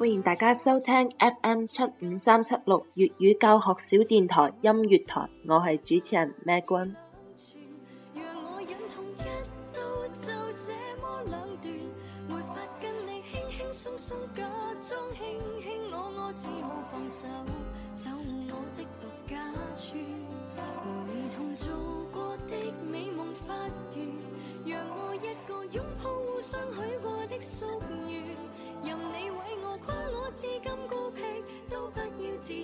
歡迎大家收聽 FM 七五三七六粵語教學小電台音樂台，我係主持人 Meg 咩君。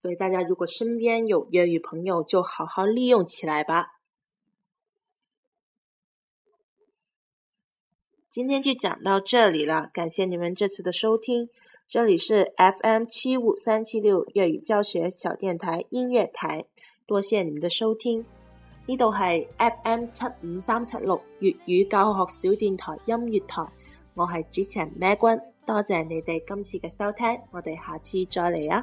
所以大家如果身邊有粵語朋友，就好好利用起來吧。今天就講到這裏了，感謝你們這次的收聽。這裏是 FM 七五三七六粵語教學小電台音樂台，多謝你們的收聽。呢度係 FM 七五三七六粵語教學小電台音樂台，我係主持人咩君，多謝你哋今次嘅收聽，我哋下次再嚟啊。